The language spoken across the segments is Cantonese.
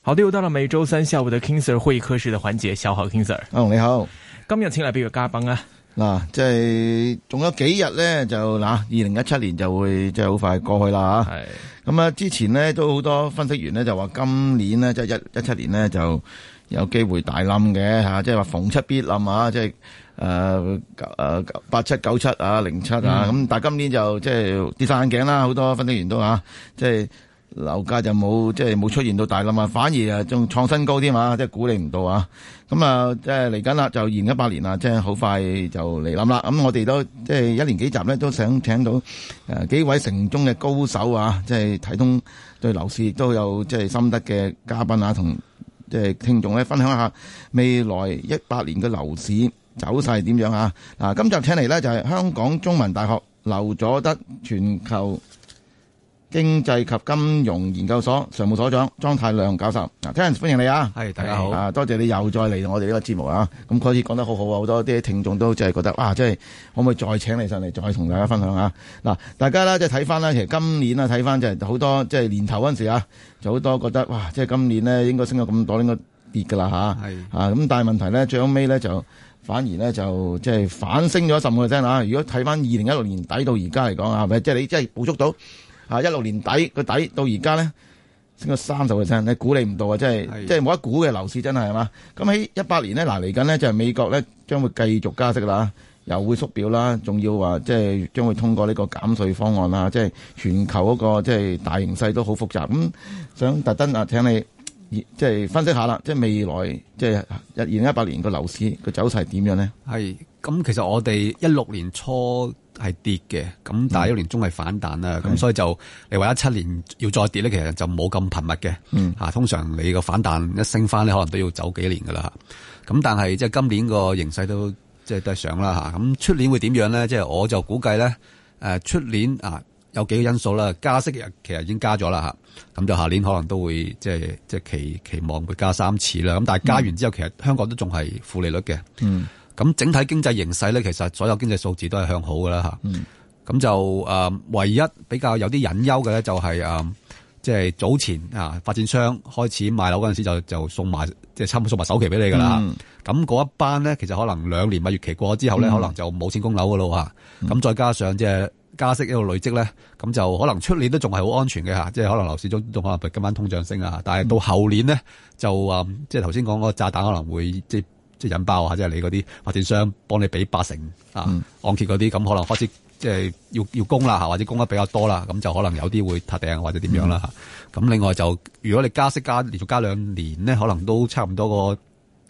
好，啲又到啦，每周三下午嘅 King Sir 會客室嘅環節，小好 King Sir，你好，今日請嚟邊個嘉賓啊？嗱、啊，即係仲有幾日呢，就嗱，二零一七年就會即係好快過去啦吓。係咁啊、嗯，之前呢，都好多分析員呢，就話今年呢，即係一一七年呢，就有機會大冧嘅吓，即係話逢七必冧啊，即係誒誒八七九七啊、零七、嗯、啊咁，但係今年就即係跌晒眼鏡啦，好多分析員都吓，即、啊、係。就是樓價就冇即係冇出現到大冧嘛，反而啊仲創新高添嘛，即係鼓勵唔到啊！咁啊，即係嚟緊啦，就現一百年啦，即係好快就嚟臨啦。咁、啊、我哋都即係一年幾集呢，都想請到誒、啊、幾位城中嘅高手啊，即係睇通對樓市都有即係心得嘅嘉賓啊，同即係聽眾咧分享一下未來一百年嘅樓市走勢點樣啊！嗱，今集請嚟呢，就係、是、香港中文大學劉佐德全球。經濟及金融研究所常務所長莊太量教授，啊，Ken，歡迎你啊，係，大家好啊，多謝你又再嚟我哋呢個節目啊。咁開始講得好好啊，好多啲聽眾都即係覺得哇，即係可唔可以再請你上嚟，再同大家分享下啊？嗱，大家呢，即係睇翻啦，其實今年啊，睇翻就係好多，即係年頭嗰陣時啊，就好多覺得哇，即係今年呢應該升咗咁多，應該跌噶啦吓，係啊咁、啊，但係問題呢，最後尾呢就反而呢，就即係反升咗十五個 percent 啊！如果睇翻二零一六年底到而家嚟講啊，即係你即係捕捉到。啊！一六年底個底到而家咧升咗三十個 percent，你估你唔到啊！即係，即係冇得估嘅樓市真係係嘛。咁喺一八年呢，嗱嚟緊呢，就係美國咧將會繼續加息啦，又會縮表啦，仲要話即係將會通過呢個減稅方案啦。即係全球嗰、那個即係大形勢都好複雜。咁、嗯、想特登啊，請你即係分析下啦，即係未來即係二零一八年個樓市個走勢點樣呢？係咁，其實我哋一六年初。係跌嘅，咁但係一年終係反彈啦，咁、嗯、所以就你話一七年要再跌咧，其實就冇咁頻密嘅，嚇、嗯啊。通常你個反彈一升翻咧，可能都要走幾年噶啦，咁但係即係今年個形勢都即係上啦，咁出年會點樣咧？即、就、係、是、我就估計咧，誒、啊、出年啊有幾個因素啦，加息其實已經加咗啦，咁就下年可能都會即係即係期期望會加三次啦。咁、啊、但係加完之後，嗯、其實香港都仲係負利率嘅。嗯。咁整體經濟形勢咧，其實所有經濟數字都係向好嘅啦。咁就、呃、唯一比較有啲隱憂嘅咧，就係即係早前啊，發展商開始賣樓嗰陣時就，就送就是、送埋即係差唔多送埋首期俾你噶啦。咁嗰一班咧，其實可能兩年蜜月期過咗之後咧、嗯，可能就冇錢供樓噶喇喎。咁、嗯、再加上即係加息呢個累積咧，咁就可能出年都仲係好安全嘅。即係可能樓市中都可能今晚通脹升啊。但係到後年咧，就即係頭先講嗰個炸彈可能會即係、就是即、就、係、是、引爆即係、就是、你嗰啲發展商幫你俾八成啊、嗯、按揭嗰啲，咁可能開始即係要要供啦或者供得比較多啦，咁就可能有啲會撻訂或者點樣啦咁、嗯、另外就如果你加息加連續加兩年咧，可能都差唔多個。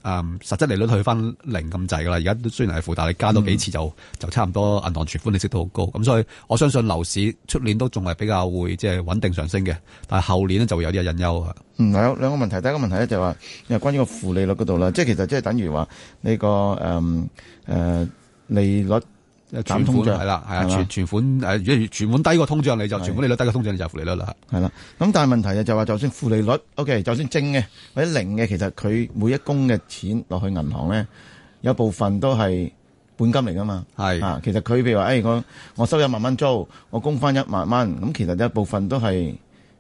嗯，實質利率去翻零咁滯噶啦，而家都雖然係負，但係加多幾次就就差唔多銀行存款利息都好高，咁、嗯、所以我相信樓市出年都仲係比較會即係穩定上升嘅，但係後年呢就會有啲嘅隱憂啊。嗯，係有兩個問題，第一個問題咧就話、係，因為關於個負利率嗰度啦，即係其實即係等於話呢、呢個誒誒、嗯呃、利率。誒，減通脹係啦，係啊，存存款誒，如果存款低過通脹，你就存款利率低過通脹，你就負利率啦。係啦，咁但係問題就就是、話就算負利率，OK，就算正嘅或者零嘅，其實佢每一供嘅錢落去銀行咧，有部分都係本金嚟噶嘛。係啊，其實佢譬如話誒、哎，我我收一萬蚊租，我供翻一萬蚊，咁其實一部分都係誒、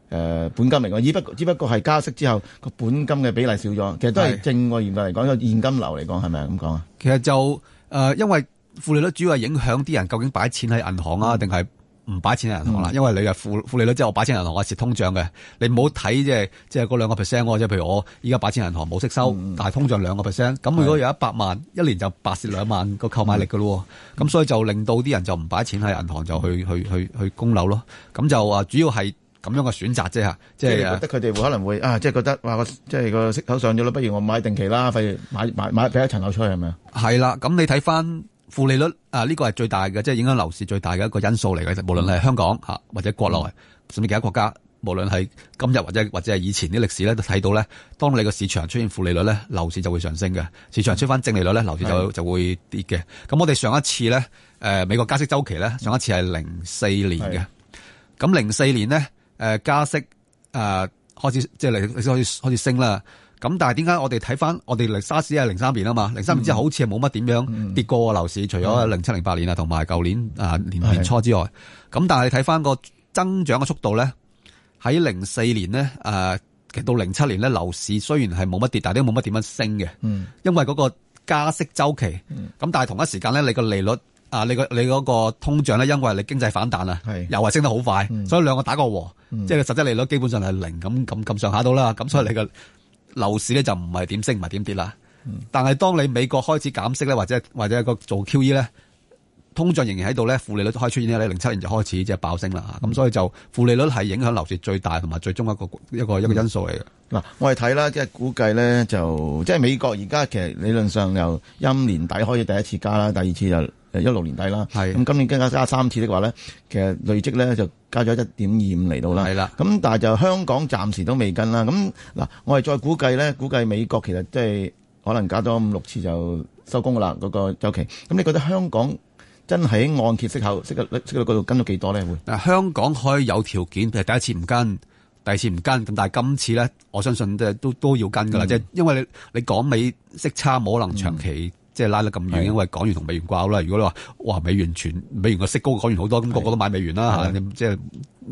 呃、本金嚟噶，只不只不過係加息之後個本金嘅比例少咗，其實都係正個現代嚟講，個現金流嚟講係咪咁講啊？其實就誒、呃，因為。負利率主要係影響啲人究竟擺錢喺銀行啊，定係唔擺錢喺銀行啦、啊嗯？因為你啊負負利率即係我擺錢銀行，我蝕通脹嘅。你唔好睇即係即係嗰兩個 percent 即係譬如我依家擺錢銀行冇息收，嗯、但係通脹兩個 percent。咁如果有一百萬，一年就白蝕兩萬個購買力噶咯。咁、嗯、所以就令到啲人就唔擺錢喺銀行，就去、嗯、去去去供樓咯。咁就主要係咁樣嘅選擇啫吓，即係覺得佢哋會可能會啊，即、就、係、是、覺得哇，即、啊、係、就是、個息口上咗啦，不如我買定期啦，費買買買俾一層樓出去係咪啊？係啦，咁你睇翻。負利率啊，呢、這個係最大嘅，即、就、係、是、影響樓市最大嘅一個因素嚟嘅。無論係香港吓、啊，或者國內，甚至其他國家，無論係今日或者或者係以前啲歷史咧，都睇到咧，當你個市場出現負利率咧，樓市就會上升嘅；市場出翻正利率咧，樓市就會就會跌嘅。咁我哋上一次咧，誒、呃，美國加息周期咧，上一次係零四年嘅。咁零四年呢，誒、呃，加息誒、呃，開始即係開始開始升啦。咁但係點解我哋睇翻我哋沙士係零三年啊嘛，零三年之後好似係冇乜點樣跌過個樓市，嗯嗯、除咗零七零八年啊，同埋舊年啊年，年初之外，咁但係睇翻個增長嘅速度咧，喺零四年咧，誒、呃，其實到零七年咧，樓市雖然係冇乜跌，但係都冇乜點樣升嘅，因為嗰個加息週期，咁但係同一時間咧，你個利率啊，你個你嗰個通脹咧，因為你經濟反彈啊，又係升得好快，嗯，所以兩個打個和，嗯、即係個實質利率基本上係零咁咁咁上下到啦，咁所以你個。樓市咧就唔係點升唔係點跌啦，但係當你美國開始減息咧，或者或者個做 QE 咧，通脹仍然喺度咧，負利率都開始出現咧，你零七年就開始即係爆升啦，咁、嗯、所以就負利率係影響樓市最大同埋最終一個一個一個因素嚟嘅。嗱，我哋睇啦，即係估計咧就即係美國而家其實理論上由一五年底開始第一次加啦，第二次就。誒，一六年底啦，係咁今年加加三次的話咧，其實累積咧就加咗一點二五嚟到啦，係啦。咁但係就香港暫時都未跟啦。咁、嗯、嗱，我哋再估計咧，估計美國其實即係可能加多五六次就收工噶啦，嗰、嗰個周期。咁你覺得香港真係按揭息口息個息嗰度跟咗幾多咧？會？嗱，香港可以有條件，譬如第一次唔跟，第二次唔跟，咁但係今次咧，我相信係都都要跟噶啦，即、嗯、係因為你你港美息差冇可能長期。嗯即係拉得咁遠，因為港元同美元掛鈎啦。如果你話哇美元全美元個息高過港元好多，咁、那個、個個都買美元啦嚇。即係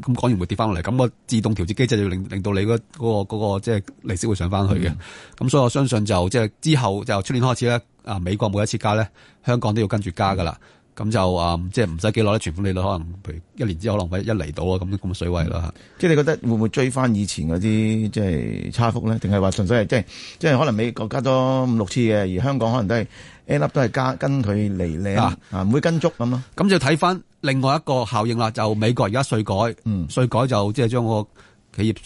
咁港元會跌翻落嚟，咁、那個自動調節機制就要令令到你嗰、那、嗰個即係利息會上翻去嘅。咁、嗯、所以我相信就即係之後就出年開始咧，啊美國每一次加咧，香港都要跟住加噶啦。咁就啊、嗯、即係唔使幾耐咧，存款利率可能譬如一年之後可能一嚟到啊，咁咁嘅水位啦。即係你覺得會唔會追翻以前嗰啲即係差幅咧？定係話純粹係即係即係可能美國加多五六次嘅，而香港可能都係。A 粒都係加跟佢嚟咧，啊唔、啊、會跟足咁咯。咁、啊、就睇翻另外一個效應啦，就美國而家稅改，嗯稅改就即係將個企業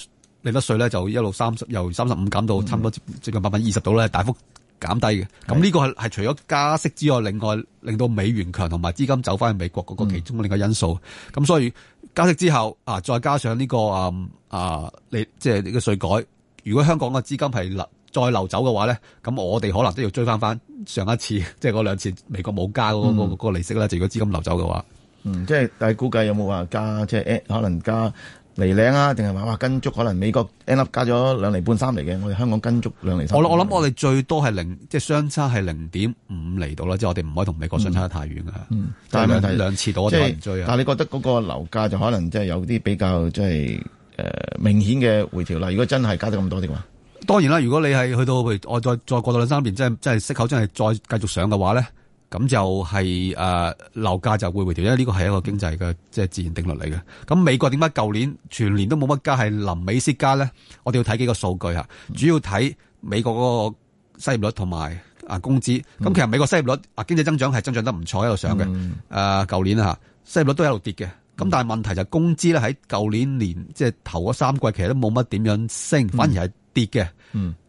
利得稅咧就一路三十由三十五減到差唔多接近百分二十度咧，大幅減低嘅。咁、嗯、呢個係係除咗加息之外，另外令到美元強同埋資金走翻去美國嗰個其中另一因素。咁、嗯、所以加息之後啊，再加上呢、這個啊啊，你即係呢個稅改，如果香港嘅資金係再流走嘅話咧，咁我哋可能都要追翻翻上一次，即係嗰兩次美國冇加嗰個個利息啦。就、嗯、如果資金流走嘅話，嗯，即係大家估計有冇話加，即係可能加厘領啊，定係話哇跟足可能美國 end up 加咗兩厘半三厘嘅，我哋香港跟足兩厘。我我諗我哋最多係零，即係相差係零點五厘度啦。即、嗯、係、就是、我哋唔可以同美國相差得太遠噶、嗯。但係問題兩次到我哋追、啊。但係你覺得嗰個樓價就可能即係有啲比較即係誒明顯嘅回調啦。如果真係加得咁多嘅話。當然啦，如果你係去到，譬如我再再過到兩三年，即係即係息口，真係再繼續上嘅話咧，咁就係誒樓價就會回調，因為呢個係一個經濟嘅即係自然定律嚟嘅。咁美國點解舊年全年都冇乜加係臨尾息加咧？我哋要睇幾個數據吓，主要睇美國嗰個失業率同埋啊工資。咁、嗯、其實美國失業率啊經濟增長係增長得唔錯喺度上嘅，誒、舊、嗯呃、年啊失業率都喺度跌嘅。咁但係問題就係工資咧喺舊年年即係頭嗰三季其實都冇乜點樣升，反而係。跌嘅，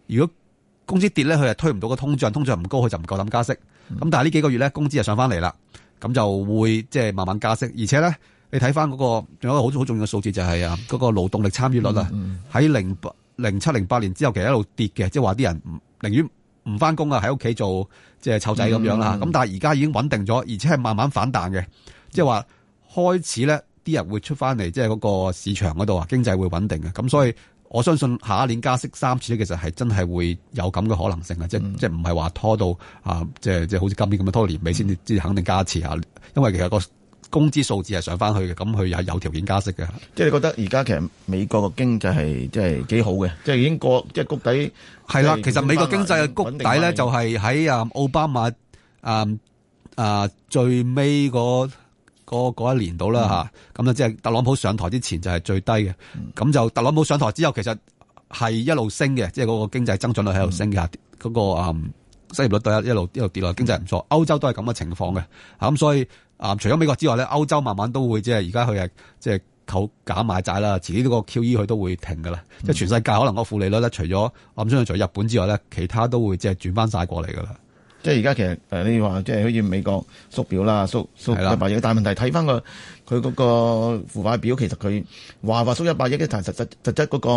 如果工資跌咧，佢係推唔到個通脹，通脹唔高，佢就唔夠膽加息。咁但係呢幾個月咧，工資就上翻嚟啦，咁就會即係慢慢加息。而且咧、那個，你睇翻嗰個仲有一個好好重要嘅數字就係啊，嗰個勞動力參與率啦，喺零零七零八年之後其實一路跌嘅，即係話啲人寧願唔翻工啊，喺屋企做即係湊仔咁樣啦。咁、就是、但係而家已經穩定咗，而且係慢慢反彈嘅，即係話開始咧啲人會出翻嚟，即係嗰個市場嗰度啊，經濟會穩定嘅。咁所以。我相信下一年加息三次咧，其實係真係會有咁嘅可能性，嗯、不是說啊！即即唔係話拖到啊，即即好似今年咁樣拖到年尾先至先肯定加遲下、嗯、因為其實個工資數字係上翻去嘅，咁佢係有條件加息嘅。即係你覺得而家其實美國嘅經濟係即係幾好嘅，即係已經過即係谷底。係啦，其實美國經濟嘅谷底咧就係喺啊奧巴馬、嗯、啊啊最尾嗰，嗰一年到啦吓，咁就即係特朗普上台之前就係最低嘅，咁就特朗普上台之後其實係一路升嘅，即係嗰個經濟增長率喺度升嘅，下啲嗰個啊，失業率都一一路一路跌落，經濟唔錯。歐洲都係咁嘅情況嘅，咁所以啊，除咗美國之外咧，歐洲慢慢都會即係而家佢係即係扣假買債啦，自己嗰個 QE 佢都會停噶啦，即係全世界可能個負利率咧，除咗我唔相信除咗日本之外咧，其他都會即係轉翻晒過嚟噶啦。即係而家其實誒、呃、你話即係好似美國縮表啦，縮縮，一百億嘅大問題，睇翻個佢個個負債表，其實佢話話縮一百億嘅，但係實質、嗰個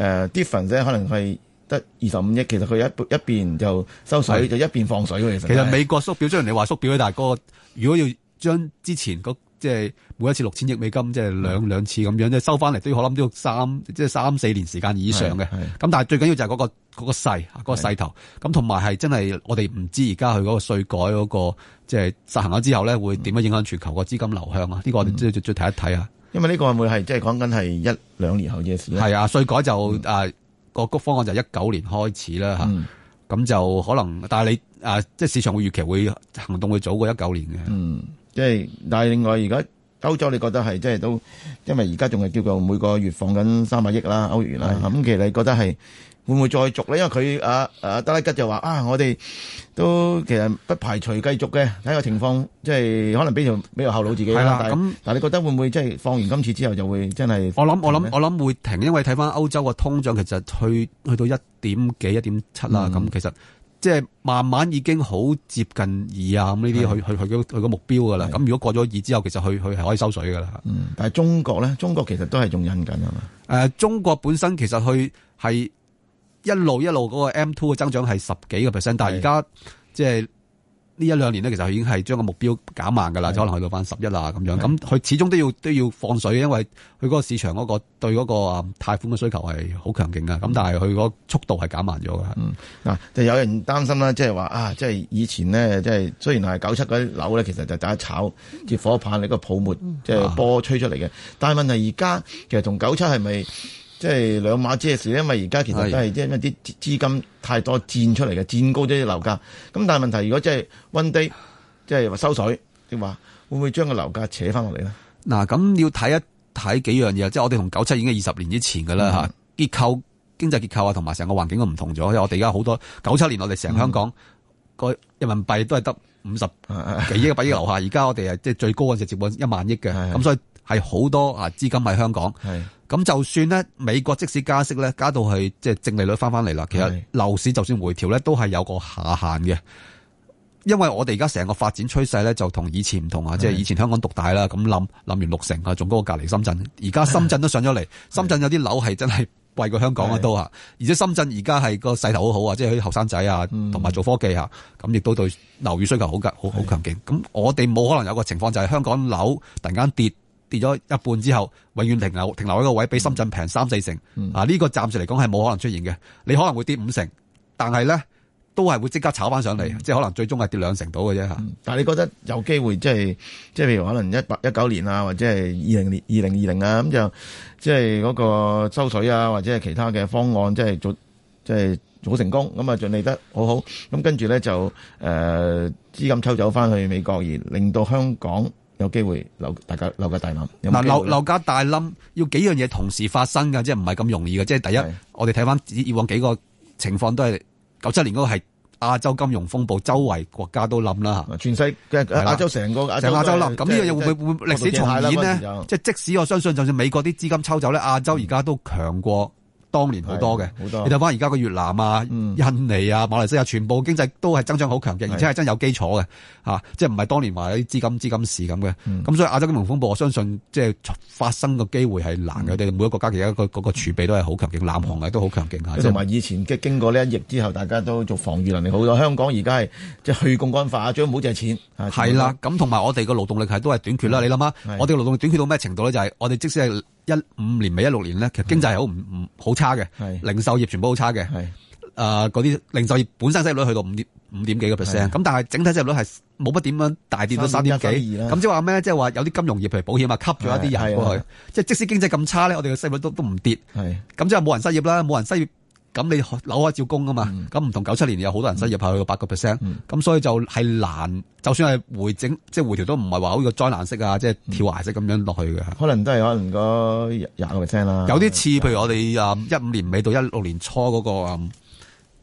誒 difference 咧可能係得二十五億，其實佢一一邊就收水，就一邊放水，其實其實美國縮表，即係你話縮表嘅，但係如果要將之前嗰。即係每一次六千億美金，即係兩兩次咁樣，即係收翻嚟都要可能都要三，即係三四年時間以上嘅。咁但係最緊要就係嗰、那個嗰、那個勢，嗰、那個勢頭。咁同埋係真係，我哋唔知而家佢嗰個稅改嗰、那個，即、就、係、是、實行咗之後咧，會點樣影響全球個資金流向啊？呢、這個我哋、嗯、再再睇一睇啊。因為呢個會係即係講緊係一兩年後嘅事。係啊，稅改就誒、嗯啊那個谷方案就一九年開始啦吓。咁、嗯啊、就可能，但係你誒、啊、即係市場會預期會行動會早過一九年嘅。嗯。即係，但係另外，而家歐洲你覺得係即係都，因為而家仲係叫做每個月放緊三百億啦歐元啦，咁其實你覺得係會唔會再續咧？因為佢啊啊德拉吉就話啊，我哋都其實不排除繼續嘅，睇個情況，即係可能俾條俾個後路自己。係啦，咁但，但你覺得會唔會即係放完今次之後就會真係？我諗我諗我諗會停，因為睇翻歐洲個通脹其實去去到一點幾、一點七啦，咁、嗯、其實。即係慢慢已經好接近二啊，咁呢啲去去去個去個目標噶啦，咁如果過咗二之後，其實佢佢係可以收水噶啦。嗯，但係中國咧，中國其實都係仲印緊係嘛？誒，中國本身其實佢係一路一路嗰個 M two 嘅增長係十幾個 percent，但係而家即係。呢一兩年咧，其實已經係將個目標減慢噶啦，就可能去到返十一啦咁樣。咁佢始終都要都要放水，因為佢嗰個市場嗰、嗰個對嗰、嗰個啊貸款嘅需求係好強勁嘅。咁但係佢嗰速度係減慢咗啦。嗱、嗯啊，就是、有人擔心啦，即係話啊，即、就、係、是、以前呢，即、就、係、是、雖然係九七嗰啲樓咧，其實就大家炒接火棒，呢、那個泡沫即係、就是、波吹出嚟嘅。啊、但係問題而家其實同九七係咪？即係兩碼子嘅事，因為而家其實都係，因為啲資金太多佔出嚟嘅，佔高咗啲樓價。咁但係問題，如果即係溫低，即係話收水，定話會唔會將個樓價扯翻落嚟咧？嗱，咁要睇一睇幾樣嘢，即係我哋同九七已經二十年之前噶啦吓。結構經濟結構啊，同埋成個環境都唔同咗。我哋而家好多九七年，我哋成香港個、嗯、人民幣都係得五十幾億、百億樓下，而家我哋係即係最高嗰陣時候接近一萬億嘅，咁所以。係好多啊，資金喺香港。係咁，就算呢美國即使加息咧，加到去即係正利率翻翻嚟啦。其實樓市就算回調咧，都係有個下限嘅，因為我哋而家成個發展趨勢咧就同以前唔同啊。即係以前香港獨大啦，咁諗諗完六成啊，仲高過隔離深圳。而家深圳都上咗嚟，深圳有啲樓係真係貴過香港啊，都啊。而且深圳而家係個勢頭好好啊，即係啲後生仔啊，同埋做科技嚇，咁、嗯、亦都對樓宇需求好好好強勁。咁我哋冇可能有個情況就係、是、香港樓突然間跌。跌咗一半之後，永遠停留停留喺個位，比深圳平三四成。嗯、啊，呢、這個暫時嚟講係冇可能出現嘅。你可能會跌五成，但係咧都係會即刻炒翻上嚟、嗯，即係可能最終係跌兩成到嘅啫嚇。但係你覺得有機會即係即係譬如可能一八一九年啊，或者係二零年二零二零啊咁就即係嗰個收水啊，或者係其他嘅方案，即、就、係、是、做即係好成功咁啊，盡利得好好咁跟住咧就誒資、呃、金抽走翻去美國而令到香港。有機會樓，大家樓價大冧，嗱樓樓價大冧要幾樣嘢同時發生噶，即係唔係咁容易㗎。即係第一，我哋睇翻以往幾個情況都係九七年嗰個係亞洲金融風暴，周圍國家都冧啦吓。全世界亞洲成個，個亞亞洲冧，咁呢樣嘢、就是、會唔會會歷、就是就是、史重演呢？即、就、係、是、即使我相信，就算美國啲資金抽走咧，亞洲而家都強過。當年好多嘅，你睇翻而家個越南啊、印尼啊、嗯、馬來西亞，全部經濟都係增長好強勁，而且係真有基礎嘅、啊、即係唔係當年話啲資金、資金市咁嘅。咁、嗯、所以亞洲金融風暴，我相信即係發生嘅機會係難嘅。哋、嗯、每一個國家其實、嗯那個嗰儲備都係好強勁，南韓嘅都好強勁，同、嗯、埋、嗯、以前經過呢一役之後，大家都做防御能力好咗。香港而家係即係去槓桿化，最好唔好借錢。係啦、啊，咁同埋我哋嘅勞動力係都係短缺啦、嗯。你諗下，我哋勞動力短缺到咩程度咧？就係、是、我哋即使係。一五年尾一六年咧，其實經濟係好唔唔好差嘅，係零售業全部好差嘅，誒嗰啲零售業本身失業率去到五點五點幾個 percent，咁但係整體失業率係冇乜點樣大跌到三點幾，咁即係話咩？即係話有啲金融業，譬如保險啊，吸咗一啲人過去，即係即使經濟咁差咧，我哋嘅失業率都都唔跌，咁即係冇人失業啦，冇人失業。咁你扭下照工啊嘛，咁、嗯、唔同九七年有好多人失業、嗯，怕去到八個 percent，咁所以就係難，就算係回整，即係回調都唔係話好似個災難式啊，即係跳崖式咁樣落去嘅，可能都係可能個廿個 percent 啦。有啲似、嗯、譬如我哋啊一五年尾到一六年初嗰、那個，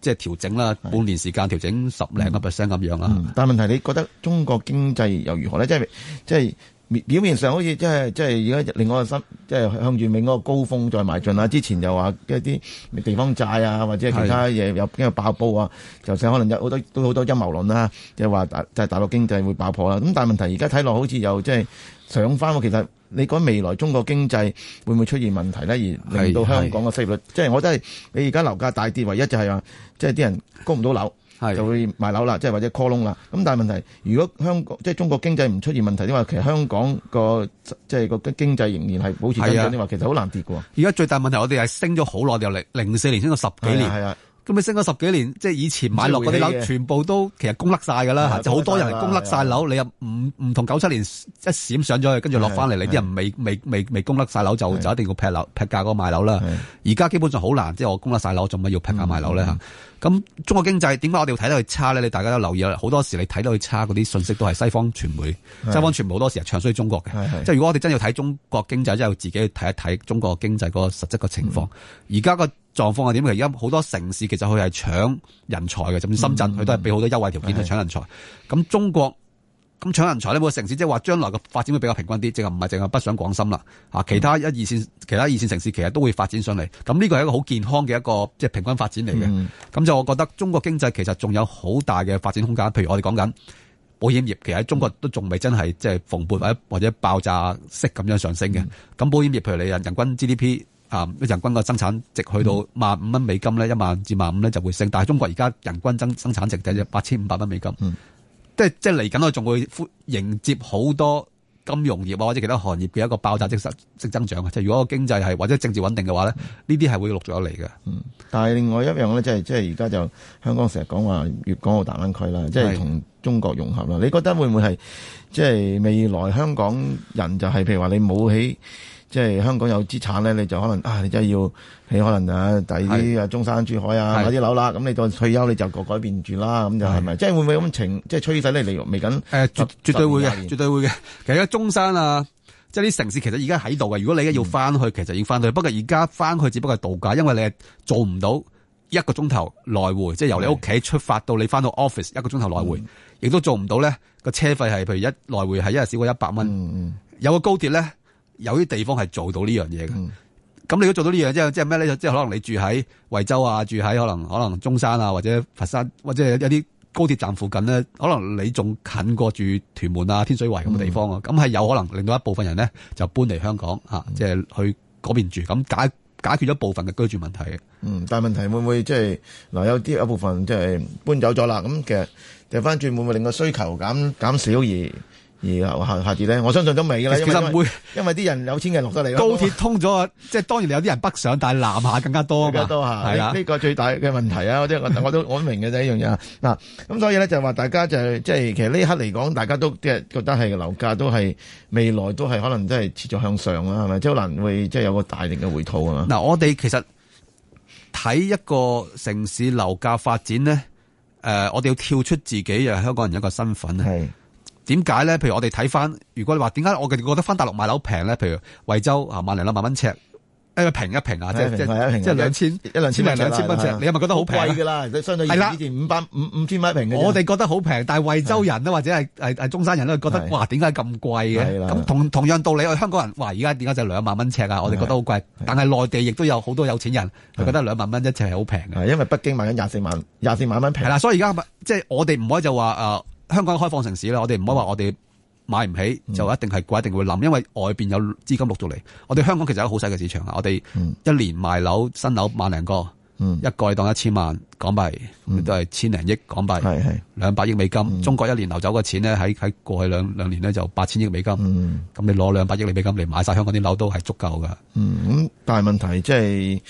即係調整啦，半年時間調整十零個 percent 咁樣啊。但係問題，你覺得中國經濟又如何咧？即係即係表面上好似即係即係而家令我心。即、向住美嗰高峰再埋進啦。之前又話一啲地方債啊，或者其他嘢又驚爆煲啊，就係可能有好多都好多陰謀論啦。又話大就係大陸經濟會爆破啦。咁但係問題而家睇落好似又即係上翻喎。其實你講未來中國經濟會唔會出現問題咧？而令到香港嘅失業率？即係我覺得你而家樓價大跌，唯一就係話即係啲人供唔到樓。就會賣樓啦，即係或者 call loan 啦。咁但係問題，如果香港即係中國經濟唔出現問題嘅話，其實香港個即係個經濟仍然係保持增長啊，你話，其實好難跌嘅。而家最大問題，我哋係升咗好耐，由零四年升到十幾年。係啊，咁你升咗十幾年，即係以前買落嗰啲樓，全部都其實供甩晒㗎啦，即係好多人供甩晒樓。你又唔唔同九七年一閃上咗去，跟住落翻嚟，你啲人未未未未供甩晒樓，就就一定要劈樓劈價嗰個賣樓啦。而家基本上好難，即係我供甩晒樓，做乜要劈價賣樓咧？嚇、嗯！咁中國經濟點解我哋要睇到佢差咧？你大家都留意啦，好多時你睇到佢差嗰啲信息都係西方傳媒、西方傳媒好多時係唱衰中國嘅。即係如果我哋真要睇中國經濟，真係要自己去睇一睇中國經濟嗰個實質嘅情況。而家個狀況係點？其實而家好多城市其實佢係搶人才嘅，甚至深圳佢都係俾好多優惠條件去、嗯、搶人才。咁中國。咁搶人才咧，每個城市即係話將來嘅發展會比較平均啲，即係唔係淨係北上廣深啦，啊，其他一二線，其他二線城市其實都會發展上嚟，咁呢個係一個好健康嘅一個即係平均發展嚟嘅。咁、嗯、就我覺得中國經濟其實仲有好大嘅發展空間，譬如我哋講緊保險業，其實喺中國都仲未真係即係蓬勃或者或者爆炸式咁樣上升嘅。咁、嗯、保險業，譬如你人均 GDP, 人均 GDP 啊，人均個生產值去到萬五蚊美金咧，一萬至萬五咧就會升，但係中國而家人均增生產值就八千五百蚊美金。嗯即係即係嚟緊，我仲會迎接好多金融業或者其他行業嘅一個爆炸式增即增長，即係如果個經濟係或者政治穩定嘅話咧，呢啲係會陸續嚟嘅。嗯，但係另外一樣咧，即係即係而家就香港成日講話粵港澳大灣區啦，即係同中國融合啦。你覺得會唔會係即係未來香港人就係、是、譬如話你冇起。即係香港有資產咧，你就可能啊，你真係要你可能啊，抵啲啊中山珠海啊買啲樓啦。咁你再退休你就個改變住啦。咁就係、是、咪？即係會唔會咁情？即係吹水你嚟未緊、呃、絕對會嘅，絕對會嘅。其實中山啊，即係啲城市其實而家喺度嘅。如果你而家要翻去、嗯，其實要翻去。去不過而家翻去只不過係度假，因為你做唔到一個鐘頭來回，即係由你屋企出發到你翻到 office 一個鐘頭來回，亦、嗯、都做唔到咧。個車費係譬如一來回係一日少過一百蚊，有個高鐵咧。有啲地方係做到呢樣嘢嘅，咁、嗯、你都做到呢樣嘢，即係咩咧？即係可能你住喺惠州啊，住喺可能可能中山啊，或者佛山，或者係一啲高鐵站附近咧，可能你仲近過住屯門啊、天水圍咁嘅地方啊，咁、嗯、係有可能令到一部分人咧就搬嚟香港吓，即、嗯、係去嗰邊住，咁解解決咗部分嘅居住問題嘅。嗯，但係問題會唔會即係嗱？有啲一有部分即係搬走咗啦，咁其實掉翻轉會唔會令個需求減減少而？而下下下月咧，我相信都未啦。其實唔會，因為啲人有錢嘅落得嚟。高鐵通咗，即 係當然有啲人北上，但係南下更加多。更加多吓，係啦呢個最大嘅問題啊！即係我都， 我，都我都明嘅，第一樣嘢嗱，咁、啊、所以咧就話大家就即、是、係其實呢刻嚟講，大家都即係覺得係樓價都係未來都係可能真係持續向上啦，係咪？即係可能會即係有個大力嘅回吐啊嘛。嗱，我哋其實睇一個城市樓價發展咧，誒、呃，我哋要跳出自己又香港人一個身份啊。點解咧？譬如我哋睇翻，如果你話點解我哋覺得翻大陸買樓平咧？譬如惠州啊，萬零兩萬蚊尺，因為平一平啊，係即係即係即係兩千一兩千零兩千蚊尺，你係咪覺得好貴嘅啦？相對以前，以前五百五五，五千蚊一平，我哋覺得好平，但係惠州人呢，或者係中山人咧覺得哇，點解咁貴嘅？咁同同樣道理，香港人哇，而家點解就兩萬蚊尺啊？我哋覺得好貴，係係但係內地亦都有好多有錢人，佢覺得兩萬蚊一尺係好平嘅。因為北京買緊廿四萬廿四萬蚊平。係啦，所以而家即係我哋唔可以就話誒。呃香港開放城市咧，我哋唔可以話我哋買唔起，就一定係貴，一定會冧，因為外邊有資金陸續嚟。我哋香港其實有一個好細嘅市場啊，我哋一年賣樓新樓萬零個、嗯，一個當一千萬港幣、嗯，都係千零億港幣，係係兩百億美金、嗯。中國一年流走嘅錢呢，喺喺過去兩兩年呢就八千億美金。咁、嗯、你攞兩百億美金嚟買晒香港啲樓都係足夠噶。嗯，但係問題即係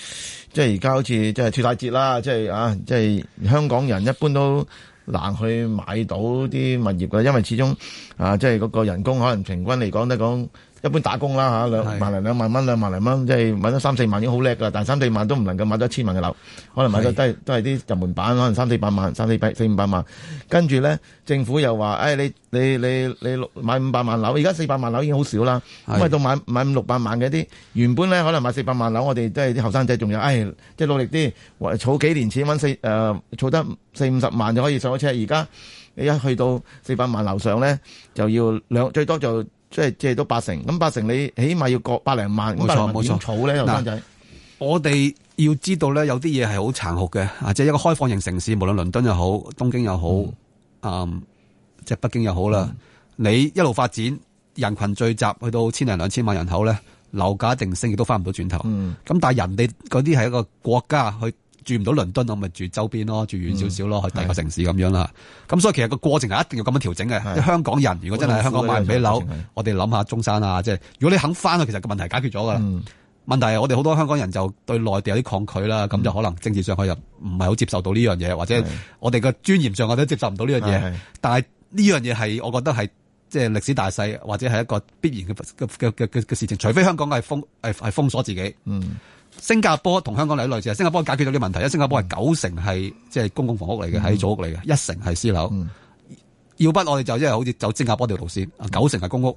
即係而家好似即係脫晒節啦，即係啊，即係香港人一般都難去買到啲物業嘅，因為始終啊，即係嗰個人工可能平均嚟講都講，就是一般打工啦嚇，兩萬嚟兩萬蚊，兩萬零蚊，即係搵咗三四萬已經好叻噶，但三四萬都唔能夠買到一千萬嘅樓，可能買到都係都係啲入門版，可能三四百萬、三四百、四五百萬。跟住咧，政府又話，誒、哎、你你你你六買五百萬樓，而家四百萬樓已經好少啦，因咪到買，買五六百萬嘅一啲原本咧，可能買四百萬樓，我哋都係啲後生仔仲有，誒、哎、即係努力啲，儲幾年錢揾四誒、呃、儲得四五十萬就可以上咗車。而家你一去到四百萬樓上咧，就要兩最多就。即係借到八成，咁八成你起碼要過百零萬，冇錯冇錯。炒咧又嗱，我哋要知道咧，有啲嘢係好殘酷嘅。啊，即係一個開放型城市，無論倫敦又好，東京又好，啊、嗯嗯，即、就、係、是、北京又好啦。嗯、你一路發展，人群聚集，去到千零兩千萬人口咧，樓價一定升，亦都翻唔到轉頭。咁、嗯、但係人哋嗰啲係一個國家去。住唔到倫敦，我咪住周邊咯，住遠少少咯，去第二個城市咁樣啦。咁所以其實個過程係一定要咁樣調整嘅。香港人如果真係香港買唔起樓，我哋諗下中山啊，即係如果你肯翻去，其實個問題解決咗噶啦、嗯。問題係我哋好多香港人就對內地有啲抗拒啦，咁、嗯、就可能政治上佢又唔係好接受到呢樣嘢，或者我哋嘅尊嚴上我都接受唔到呢樣嘢。但係呢樣嘢係我覺得係即係歷史大勢，或者係一個必然嘅嘅嘅嘅嘅事情。除非香港係封係封鎖自己。嗯。新加坡同香港嚟有類似，啊，新加坡解決咗啲問題，因為新加坡係九成係即係公共房屋嚟嘅，係組屋嚟嘅，一成係私樓。嗯、要不我哋就即係好似走新加坡條路線，九成係公屋。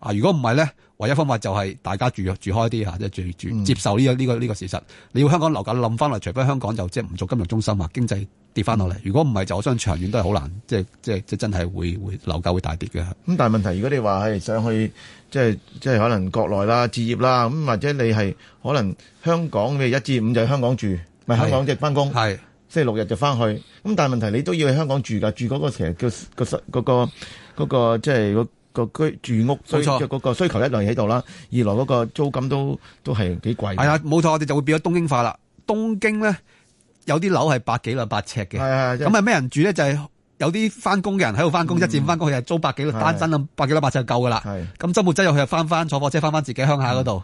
啊！如果唔係咧，唯一方法就係大家住住開啲吓，即係住住接受呢個呢個呢個事實。你要香港樓價冧翻嚟，除非香港就即係唔做金融中心啊，經濟跌翻落嚟。如果唔係，就我想長遠都係好難，即係即係即係真係會會樓價會大跌嘅。咁、嗯、但係問題，如果你話係想去即係即係可能國內啦置業啦，咁或者你係可能香港嘅一至五就喺香港住，咪香港即係翻工，係星期六日就翻去。咁但係問題，你都要喺香港住㗎，住嗰個成日叫、嗰個、嗰個嗰即、嗰個就係嗰個個居住屋，所以個需求一來喺度啦，二來嗰個租金都都係幾貴。係啊，冇錯，我哋就會變咗東京化啦。東京咧有啲樓係百幾兩百尺嘅，咁係咩人住咧？就係、是、有啲翻工嘅人喺度翻工，一戰翻工佢就租百幾單身啊，百幾兩百尺就夠噶啦。咁周末真又佢又翻翻坐火車翻翻自己鄉下嗰度。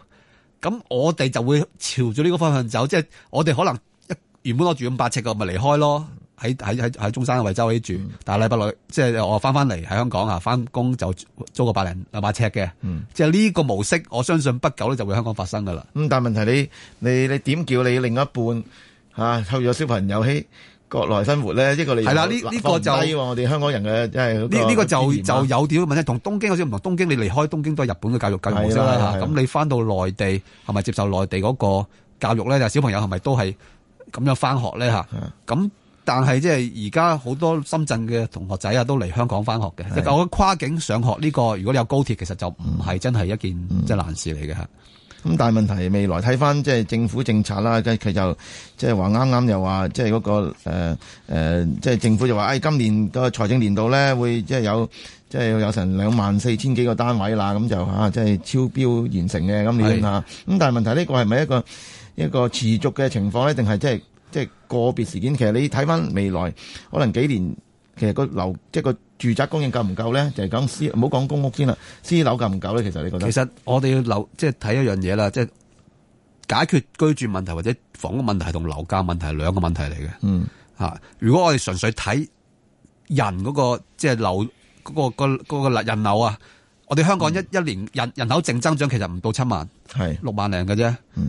咁我哋就會朝住呢個方向走，即係我哋可能一原本我住五百尺個咪離開咯。喺喺喺喺中山、惠州嗰啲住，嗯、但係禮拜六即係我翻翻嚟喺香港啊，翻工就租個百零兩百尺嘅、嗯，即係呢個模式，我相信不久咧就會香港發生噶啦。咁、嗯、但係問題你你你點叫你另一半嚇，後、啊、有小朋友喺國內生活咧？呢、呢個係啦，呢呢、呢個就、啊、我哋香港人嘅即係呢呢個就就有啲問題。同東京好似唔同，東京你離開東京都係日本嘅教育教育模式啦嚇。咁、啊、你翻到內地係咪接受內地嗰個教育咧？就小朋友係咪都係咁樣翻學咧嚇？咁但係即係而家好多深圳嘅同學仔啊，都嚟香港翻學嘅。我覺得跨境上學呢、個，如果你有高鐵，其實就唔係真係一件真難事嚟嘅嚇。咁、嗯嗯嗯、但係問題未來睇翻即係政府政策啦，佢就即係話啱啱又話即係嗰個誒誒即係政府就話、哎、今年個財政年度咧會即係有即係、即係、有成兩萬四千幾個單位啦，咁就即係、啊即係、超標完成嘅今年。嚇。咁但係問題呢個係咪一個一個持續嘅情況咧，定係即係？即係個別事件，其實你睇翻未來，可能幾年，其實個樓即係個住宅供應夠唔夠咧？就係、是、講私，唔好講公屋先啦。私樓夠唔夠咧？其實你覺得？其實我哋要樓，即係睇一樣嘢啦，即、就、係、是、解決居住問題或者房屋問題同樓價問題兩個問題嚟嘅。嗯，吓！如果我哋純粹睇人嗰、那個，即係樓嗰個、那個嗰、那個人流啊，我哋香港一一年人人口淨增長其實唔到七萬，六萬零嘅啫。嗯。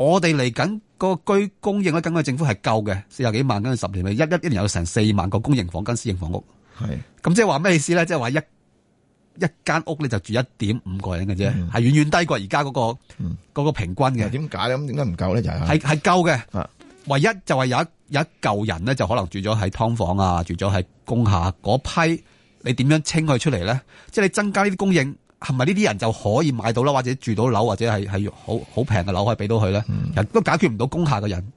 我哋嚟緊個居供應咧，根據政府係夠嘅，四十幾萬跟住十年咪一一一年有成四萬個公營房跟私營房屋，係咁即係話咩意思咧？即係話一一間屋咧就住一點五個人嘅啫，係遠遠低過而家嗰個嗰個平均嘅。點解咧？咁點解唔夠咧？就係係係夠嘅，唯一就係有一有一舊人咧就可能住咗喺劏房啊，住咗喺工廈嗰批，你點樣清佢出嚟咧？即係你增加呢啲供應。係咪呢啲人就可以買到啦，或者住到樓，或者係係好好平嘅樓可以俾到佢咧？人都解決唔到工廈嘅人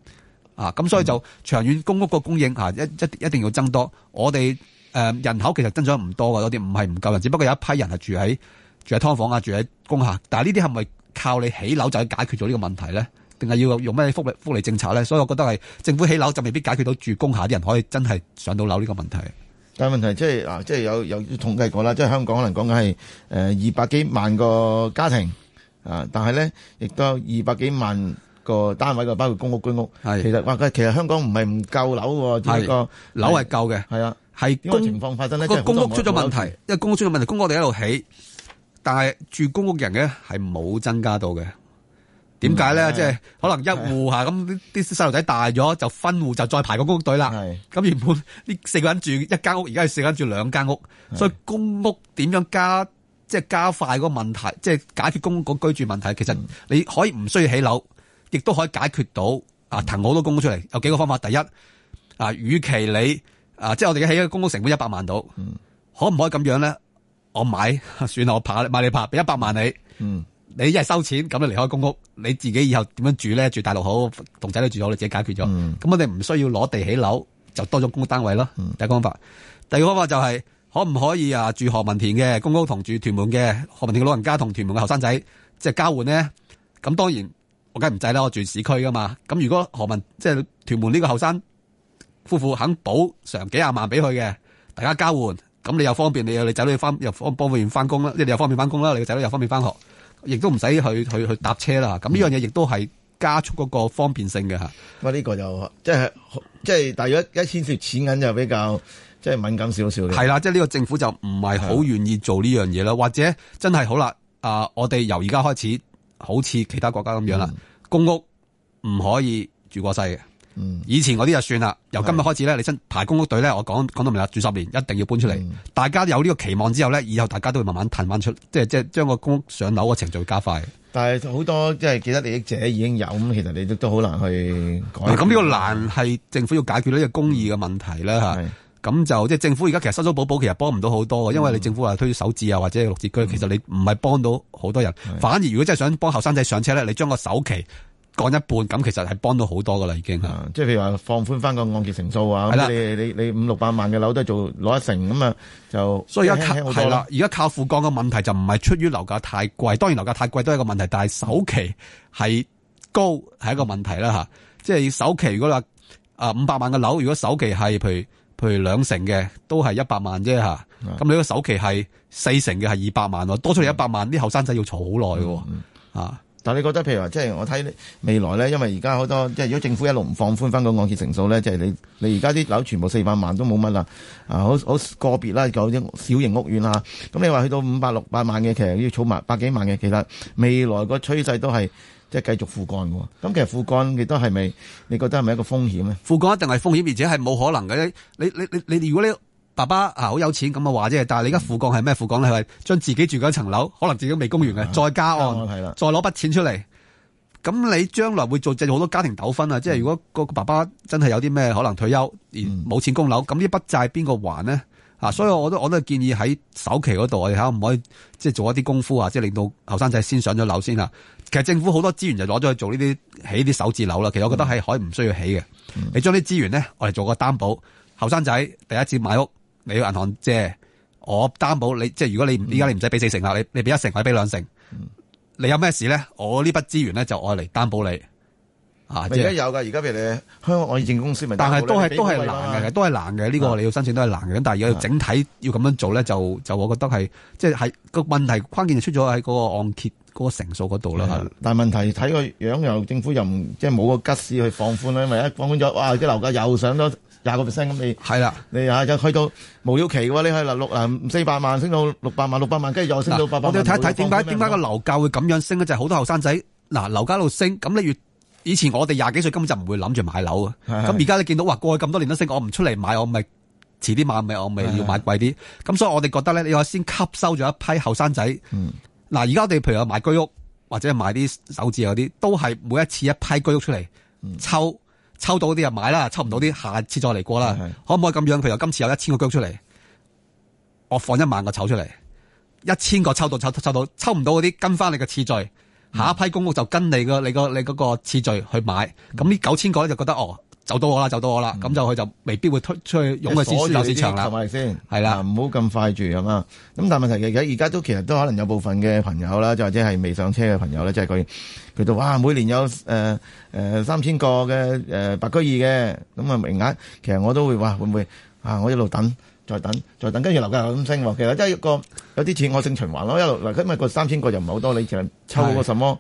啊！咁所以就長遠公屋個供應啊，一一一定要增多。我哋、呃、人口其實增長唔多嘅，有啲唔係唔夠人，只不過有一批人係住喺住喺劏房啊，住喺工廈。但係呢啲係咪靠你起樓就解決咗呢個問題咧？定係要用咩福利福利政策咧？所以我覺得係政府起樓就未必解決到住工廈啲人可以真係上到樓呢個問題。但係問題即係啊，即係有有統計過啦，即係香港可能講緊係誒二百幾萬個家庭啊，但係咧亦都有二百幾萬個單位嘅，包括公屋、居屋。係其實話佢其實香港唔係唔夠樓嘅，個樓係夠嘅。係啊，係點個情況發生咧？即係個公屋出咗問題，因為公屋出咗問題，公屋我哋一路起，但係住公屋嘅人咧係冇增加到嘅。點解咧？即、嗯、係可能一戶吓咁啲細路仔大咗就分戶，就再排個公屋隊啦。咁原本呢四個人住一間屋，而家係四個人住兩間屋。所以公屋點樣加即係加快個問題，即係解決公屋居住問題。其實你可以唔需要起樓，亦都可以解決到啊，騰好多公屋出嚟。有幾個方法，第一啊，與、呃、其你啊、呃，即係我哋而家起一個公屋成本一百萬度，可唔可以咁樣咧？我買算啦，我拍買，買你拍，俾一百萬你。嗯你一係收錢咁就離開公屋，你自己以後點樣住咧？住大陸好，同仔女住好，你自己解決咗。咁我哋唔需要攞地起樓，就多咗公屋單位咯。第一方法、嗯，第二方法就係、是、可唔可以啊？住何文田嘅公屋同住屯門嘅何文田嘅老人家同屯門嘅後生仔即係交換呢？咁當然我梗係唔制啦，我住市區噶嘛。咁如果何文即係、就是、屯門呢個後生夫婦肯補償幾廿萬俾佢嘅，大家交換咁你又方便，你你仔女翻又方方便翻工啦，即係又方便翻工啦，你個仔女又方便翻學。亦都唔使去去去搭車啦，咁呢樣嘢亦都係加速嗰個方便性嘅嚇。呢、呢個就即係即係大約一千條錢銀就比較即係、即係、敏感少少咧。係啦，即係呢個政府就唔係好願意做呢樣嘢啦，或者真係好啦，啊、呃、我哋由而家開始好似其他國家咁樣啦、嗯，公屋唔可以住過世嘅。嗯、以前嗰啲就算啦，由今日開始咧，你真排公屋隊咧，我講講到明啦，住十年一定要搬出嚟、嗯。大家有呢個期望之後咧，以後大家都會慢慢騰返出，即係即係將個公屋上樓嘅程序加快。但係好多即係、就是、既得利益者已經有咁，其實你都都好難去改。咁、嗯、呢個難係政府要解決呢個公義嘅問題啦吓。咁就即係、就是、政府而家其實收收保保其實幫唔到好多、嗯、因為你政府話推首置啊或者六折居、嗯，其實你唔係幫到好多人。反而如果真係想幫後生仔上車咧，你將個首期。降一半咁，其實係幫到好多噶啦，已經吓。即、嗯、係譬如話放寬翻個按揭成數啊，你你你，你五六百萬嘅樓都係做攞一成咁啊，就所以而家係啦。而家靠負降嘅問題就唔係出於樓價太貴，當然樓價太貴都係一個問題，但係首期係高係一個問題啦吓、嗯。即係首期如果啦啊五百萬嘅樓，如果首期係譬如譬如兩成嘅，都係一百萬啫吓。咁你個首期係四成嘅係二百萬，多出嚟，一百萬，啲後生仔要儲好耐喎。嗯嗯啊但係你覺得譬如話，即係我睇未來咧，因為而家好多即係如果政府一路唔放寬翻個按揭成數咧，即係你你而家啲樓全部四百萬都冇乜啦，啊好好個別啦，有小型屋苑啦，咁你話去到五百六百萬嘅，其實要儲埋百幾萬嘅，其實未來個趨勢都係即係繼續負幹喎。咁其實負幹亦都係咪？你覺得係咪一個風險咧？負幹一定係風險，而且係冇可能嘅。你你你你如果你爸爸啊，好有錢咁話，即係但係你而家父幹係咩父幹咧？係將自己住嗰一層樓，可能自己未供完嘅，再加按，再攞筆錢出嚟。咁你將來會造成好多家庭糾紛啊！嗯、即係如果個爸爸真係有啲咩可能退休，而冇錢供樓，咁呢筆債邊個還呢？啊，所以我都我都建議喺首期嗰度，我哋嚇唔可以即係做一啲功夫啊！即係令到後生仔先上咗樓先啦。其實政府好多資源就攞咗去做呢啲起啲首置樓啦。其實我覺得係可以唔需要起嘅。你將啲資源呢，我哋做個擔保，後生仔第一次買屋。你去銀行即係、就是、我擔保你。即係如果你依家你唔使俾四成啦，你你俾一成或者俾兩成。你有咩事咧？我呢筆資源咧就我嚟擔保你。嗯、啊，而家有㗎，而家譬如你香港按揭證券公司。但係都係都係難嘅，都係難嘅。呢、這個你要申請都係難嘅。咁但係如果要整體要咁樣做咧，就就我覺得係即係個問題關鍵就出咗喺嗰個按揭嗰個成數嗰度啦。但係問題睇個樣又政府又唔即係冇個急事去放寬啦，因為一放寬咗，哇！啲樓價又上咗。廿個 percent 咁你係啦，你嚇又去到無了期嘅話，你係嗱六四百萬升到六百萬，六百萬跟住又升到八百萬。我哋睇一睇點解點解個樓價會咁樣升咧？就係好多後生仔嗱樓價度升，咁你越以前我哋廿幾歲根本就唔會諗住買樓嘅，咁而家你見到話過去咁多年都升，我唔出嚟買，我咪遲啲買咪，我咪要買貴啲。咁所以我哋覺得咧，你話先吸收咗一批後生仔，嗱而家我哋譬如話買居屋或者係買啲首置嗰啲，都係每一次一批居屋出嚟抽。抽到嗰啲就買啦，抽唔到啲下次再嚟過啦。是是可唔可以咁樣？譬如今次有一千個腳出嚟，我放一萬個籌出嚟，一千個抽到抽到抽到抽唔到嗰啲跟翻你嘅次序，下一批公屋就跟你個你個你個次序去買。咁呢九千個咧就覺得哦。就到我啦，就到我啦，咁就佢就未必會推出去用嘅二手樓市啦，係咪先？係啦，唔好咁快住啊。咁但係問題係而家而家都其實都可能有部分嘅朋友啦，就係或者係未上車嘅朋友咧，即係佢佢到哇每年有誒、呃呃、三千個嘅誒白居易嘅咁啊名額，其實我都會話會唔會啊？我一路等。再等，再等，跟住樓價又咁升喎。其實即係個有啲似惡性循環咯。一路嗱，咁個三千個又唔係好多。你其實抽個什麼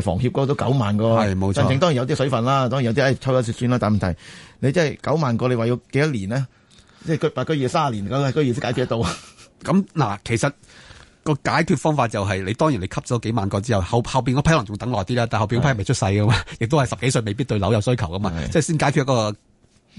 房協都九萬個，係冇錯。盡正當然有啲水分啦，當然有啲、哎、抽咗就算啦。但係問題你即係九萬個，你話要幾多年呢？即係百居業三廿年㗎啦，居業先解決得到。咁、啊、嗱、嗯，其實個解決方法就係、是、你當然你吸咗幾萬個之後，後後邊嗰批人仲等耐啲啦。但後邊批未出世㗎嘛，亦都係十幾歲未必對樓有需求㗎嘛，即係先解決一個。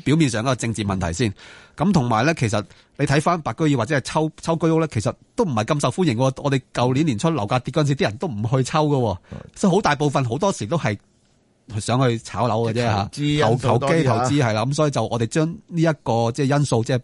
表面上個政治問題先，咁同埋咧，其實你睇返白居二或者係抽抽居屋咧，其實都唔係咁受歡迎喎。我哋舊年年初樓價跌嗰陣時，啲人都唔去抽㗎，所以好大部分好多時都係想去炒樓嘅啫嚇，投機投，投資投資係啦。咁所以就我哋將呢一個即係因素，即係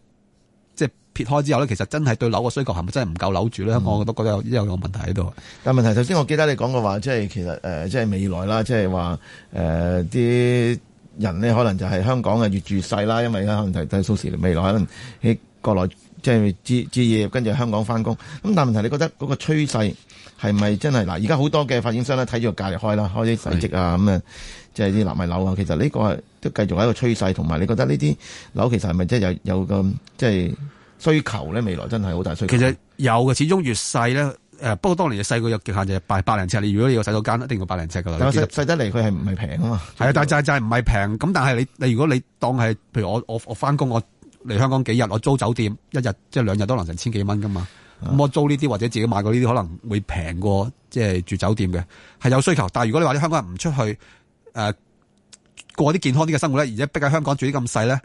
即係撇開之後咧，其實真係對樓嘅需求係咪真係唔夠樓住咧，嗯？我都覺得有有個問題喺度。但問題頭先，我記得你講過話，即係其實誒、呃，即係未來啦，即係話誒啲。呃人呢，可能就係香港嘅越住越細啦，因為可能就題都係數時未來可能喺國內即係置置業，跟住香港翻工咁，但係問題你覺得嗰個趨勢係咪真係嗱？而家好多嘅發展商咧睇住個價嚟開啦，開啲洗積啊，咁啊，即係啲納米樓啊。其實呢個都繼續係一個趨勢，同埋你覺得呢啲樓其實係咪真係有有咁即係需求咧？未來真係好大需求。其實有嘅，始終越細咧。誒，不過當年細個有極限就係百百零尺，你如果你有洗手間一定要百零尺噶啦。但係細得嚟，佢係唔係平啊嘛？係啊，就是，但係就係唔係平。咁但係你你如果你當係，譬如我我我翻工，我嚟香港幾日，我租酒店一日即係兩日都能成千幾蚊噶嘛。咁，啊，我租呢啲或者自己買過呢啲，可能會平過即係住酒店嘅，係有需求。但係如果你話啲香港人唔出去誒、呃、過啲健康啲嘅生活咧，而且逼喺香港住啲咁細咧。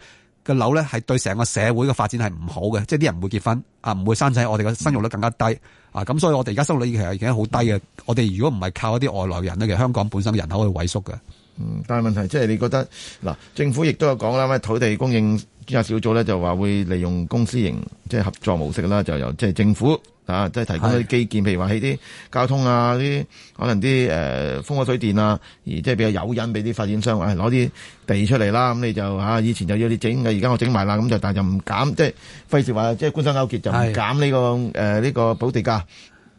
個樓咧係對成個社會嘅發展係唔好嘅，即係啲人唔會結婚啊，唔會生仔，我哋嘅生育率更加低啊，咁所以我哋而家生育率其實已經好低嘅。我哋如果唔係靠一啲外來人咧，其實香港本身人口係萎縮嘅。嗯，但係問題即係你覺得嗱，政府亦都有講啦，咩土地供應專責小組咧就話會利用公私營即係合作模式啦，就由即係、就是、政府啊，即、就、係、是、提供一啲基建，譬如話起啲交通啊，啲可能啲誒、呃、風火水電啊，而即係比較誘引俾啲發展商，攞、哎、啲地出嚟啦，咁你就啊以前就要你整嘅，而家我整埋啦，咁就但係就唔減，即係費事話即係官商勾結就唔減呢個誒呢、呃這個補地價，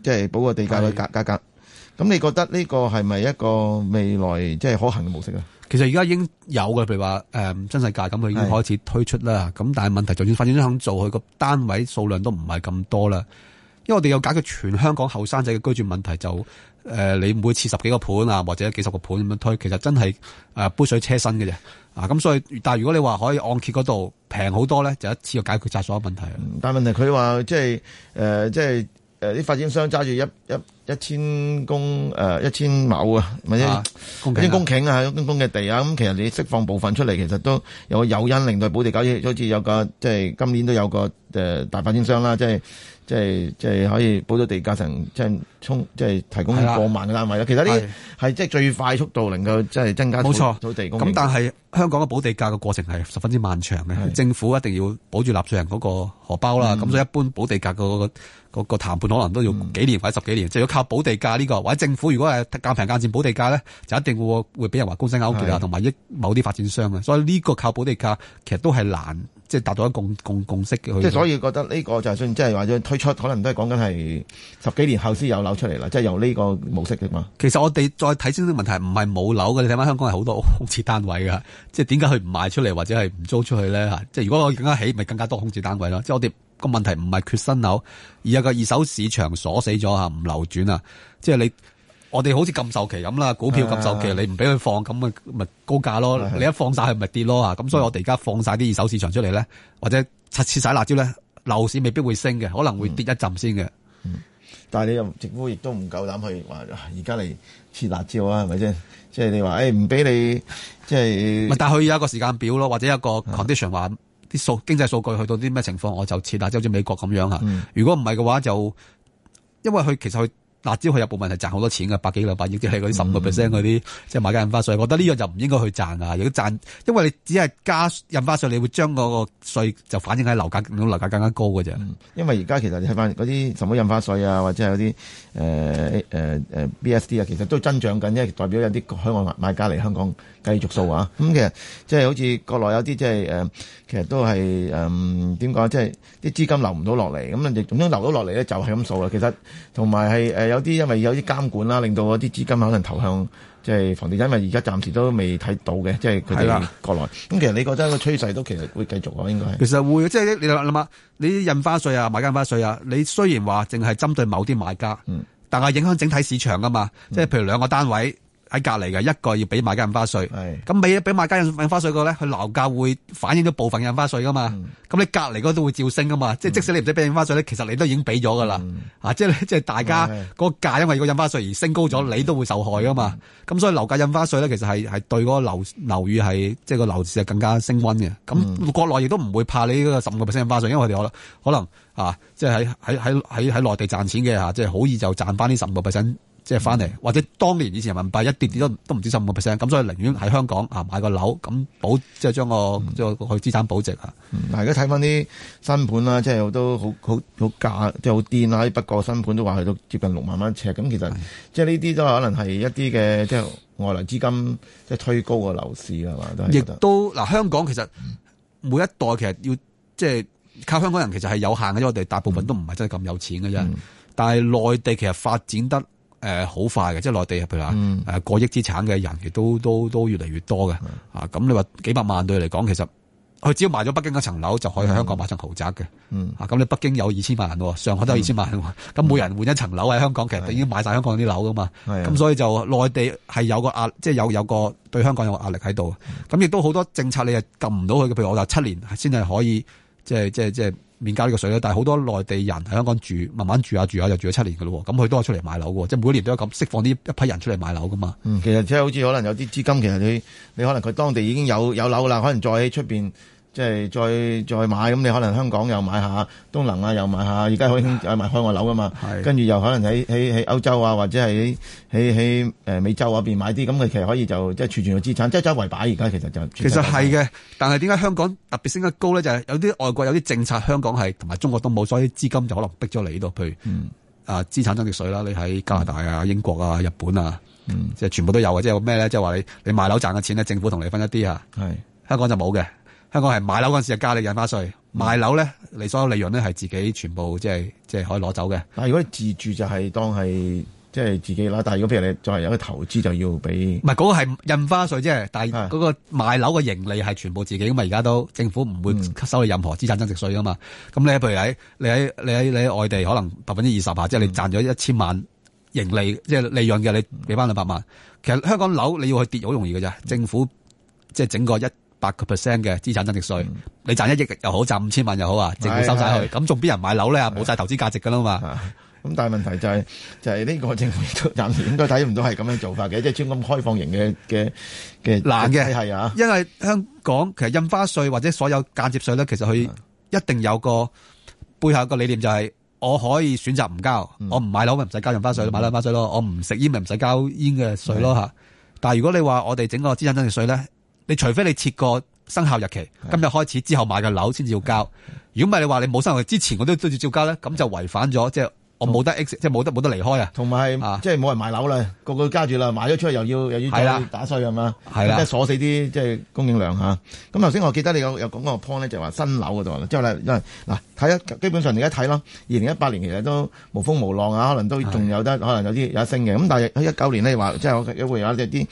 即係補個地價嘅價價格。咁你覺得呢個係咪一個未來即係可行嘅模式？其實而家已經有嘅，譬如話誒、嗯、新世界咁佢已經開始推出啦。咁但係問題，就算發展商肯做，佢個單位數量都唔係咁多啦。因為我哋有解決全香港後生仔嘅居住問題，就誒、呃、你每次十幾個盤啊，或者幾十個盤咁樣推，其實真係誒杯水車薪嘅啫。啊，咁所以但係如果你話可以按揭嗰度平好多咧，就一次要解決所有問題。但係問題佢話即係誒、呃、即係。誒、呃，啲發展商揸住一一一千公誒、呃、一千畝啊，或者一公頃啊，一啲公嘅、啊啊、地啊，咁、嗯、其實你釋放部分出嚟，其實都有個誘因令到補地價，好似有個即係今年都有個誒、呃、大發展商啦，即係。即係即係可以補到地價成，即係即係提供過萬嘅單位啦。其實呢啲係即係最快速度能夠即係增加土地供。冇錯。咁但係香港嘅補地價嘅過程係十分之漫長嘅。政府一定要保住納稅人嗰個荷包啦。咁所以一般補地價、嗰個、嗰個、嗰個談判可能都要幾年或者十幾年。就要靠補地價呢、呢個，或者政府如果係夾平夾戰補地價咧，就一定會會俾人話官商勾結啊，同埋益某啲發展商啊。所以呢個靠補地價其實都係難。即係達到一共共共識嘅。即係所以覺得呢個就係算即係話咗推出，可能都係講緊係十幾年後先有樓出嚟啦。即係由呢個模式嘅嘛。其實我哋再睇清楚問題，唔係冇樓嘅。你睇翻香港係好多空置單位嘅，即係點解佢唔賣出嚟或者係唔租出去咧？即係如果我更加起，咪更加多空置單位咯。即係我哋個問題唔係缺新樓，而係個二手市場鎖死咗嚇，唔流轉啊！即係你。我哋好似禁售期咁啦，股票禁售期，啊、你唔俾佢放，咁咪咪高價咯。啊、你一放晒，咪跌咯啊！咁所以我哋而家放晒啲二手市場出嚟咧，或者切切晒辣椒咧，樓市未必會升嘅，可能會跌一浸先嘅，嗯嗯。但係你又政府亦都唔夠膽去話，而家嚟切辣椒啊，係咪先？即，就，係，是，你話，誒、欸，唔俾你，即係。咪？但係佢有一個時間表咯，或者一個 condition，話啲數經濟數據去到啲咩情況，我就切辣椒，好似美國咁樣吓。嗯、如果唔係嘅話就，就因為佢其實佢。辣椒佢有部分係賺好多錢噶，百幾兩百億即係嗰啲十五個 percent 嗰啲，即係買家印花稅。我覺得呢樣就唔應該去賺啊！如果賺，因為你只係加印花稅，你會將嗰個稅就反映喺樓價，令到樓價更加高嘅啫。因為而家其實睇翻嗰啲什麼印花稅啊，或者係嗰啲誒誒誒 B S D 啊，其實都增長緊，因為代表有啲海外買家嚟香港繼續掃啊。咁、嗯、其實即係好似國內有啲即係誒，其實都係誒點講，即係啲資金流唔到落嚟。咁你總之流到落嚟咧，就係咁掃啦。其實同埋係誒有啲因為有啲監管啦，令到嗰啲資金可能投向即係房地產，因為而家暫時都未睇到嘅，即係佢哋國內。咁其實你覺得個趨勢都其實會繼續嘅，應該係。其實會，即係你諗下，你印花稅啊、買家印花稅啊，你雖然話淨係針對某啲買家，嗯、但係影響整體市場㗎嘛，即係譬如兩個單位。嗯喺隔籬嘅一個要俾買家印花稅，咁俾俾買家印花稅個咧，佢樓價會反映咗部分印花稅噶嘛？咁、嗯、你隔籬嗰度會照升噶嘛？即、嗯、係即使你唔使俾印花稅咧，其實你都已經俾咗噶啦，啊！即係即係大家個價，因為個印花稅而升高咗、嗯，你都會受害噶嘛？咁所以樓價印花稅咧，其實係係對嗰個樓樓宇係即係個樓市係更加升溫嘅。咁、嗯、國內亦都唔會怕你嗰個十五個 percent 印花稅，因為我哋我可能啊，即係喺喺喺喺喺內地賺錢嘅吓，即係好易就賺翻呢十五個 percent 即係翻嚟，或者當年以前人民幣一跌跌都都唔止十五個 percent，咁所以寧願喺香港啊買個樓咁保，即係將個即係去資產保值啊。但係而家睇翻啲新盤啦，即係都好好好價，即係好癲啦！啲不過新盤都話去到接近六萬蚊尺，咁其實、嗯、即係呢啲都可能係一啲嘅即係外來資金即係推高個樓市啊嘛？都係亦都嗱、啊，香港其實每一代其實要即係靠香港人其實係有限嘅，因為我哋大部分都唔係真係咁有錢嘅啫、嗯嗯。但係內地其實發展得。誒、呃，好快嘅，即係內地入去、嗯、啊！誒，過億資產嘅人，其實都都都越嚟越多嘅啊！咁你話幾百萬對嚟講，其實佢只要賣咗北京一層樓，就可以喺香港買層豪宅嘅。嗯，啊，咁你北京有二千萬人，上海都有二千萬人，咁、啊、每人換一層樓喺香港，其實已經買晒香港啲樓噶嘛。咁、啊、所以就內地係有個壓，即、就、係、是、有有，有個對香港有個壓力喺度。咁亦都好多政策你係撳唔到佢嘅，譬如我話七年先係可以，即係即係即係。即係即係免交呢個稅啦，但係好多內地人喺香港住，慢慢住下、啊、住下、啊、就住咗七年噶咯，咁佢都係出嚟買樓嘅，即係每年都有咁釋放啲一批人出嚟買樓噶嘛。嗯，其實即係好似可能有啲資金，其實你你可能佢當地已經有有樓啦，可能再喺出邊。即係再再買咁，你可能香港又買下東能啊，又買下。而家可以興買海外樓噶嘛。跟住又可能喺喺喺歐洲啊，或者係喺喺美洲嗰邊買啲咁，佢其實可以就即係儲存個資產，即係周圍擺。而家其實就其實係嘅，但係點解香港特別升得高呢？就係，有啲外國有啲政策，香港係同埋中國都冇，所以資金就可能逼咗你呢度。譬如啊，資產增值稅啦，你喺加拿大啊、嗯、英國啊、日本啊，嗯、即係全部都有嘅。即係咩呢？即係話你，你賣樓賺嘅錢政府同你分一啲啊，香港就冇嘅。香港係買樓嗰陣時就加你印花稅，賣樓咧你所有利潤咧係自己全部即係即係可以攞走嘅。但係如果你自住就係當係即係自己啦，但係如果譬如你作為有一個投資就要俾。唔係嗰個係印花稅啫，但係嗰個賣樓嘅盈利係全部自己咁啊！而家都政府唔會收你任何資產增值稅噶嘛。咁、嗯、你譬如喺你喺你喺你喺外地可能百分之二十啊，即係你賺咗一千萬盈利即係、嗯就是、利潤嘅，你俾翻兩百萬。其實香港樓你要去跌好容易嘅咋、嗯，政府即係整個一。八個 percent 嘅資產增值稅、嗯，你賺一億又好，賺五千萬又好啊，政府收晒去，咁仲邊人買樓咧？冇晒投資價值噶啦嘛。咁但係問題就係、是、就係、是、呢個政府暫時應該睇唔到係咁樣做法嘅，即係專咁開放型嘅嘅嘅難嘅係啊。因為香港其實印花稅或者所有間接稅咧，其實佢一定有一個背後個理念就係，我可以選擇唔交，嗯、我唔買樓咪唔使交印花稅、嗯、買樓印花稅咯，我唔食煙咪唔使交煙嘅稅咯吓。但係如果你話我哋整個資產增值稅咧？你除非你設個生效日期，今日開始之後買嘅樓先至要交。如果唔係你話你冇生效之前我，我都都照照交咧，咁就違反咗，即係我冇得 X，即係冇得冇得離開啊。同埋即係冇人買樓啦，個個加住啦，買咗出去又要又要打打稅係嘛？係啦，鎖死啲即係供應量嚇。咁頭先我記得你有有講個 point 咧，就話、是、新樓嗰度啦，之後咧嗱，睇一基本上你一睇咯，二零一八年其實都無風無浪啊，可能都仲有得，可能有啲、就是、有升嘅。咁但係喺一九年咧話，即係我會有啲。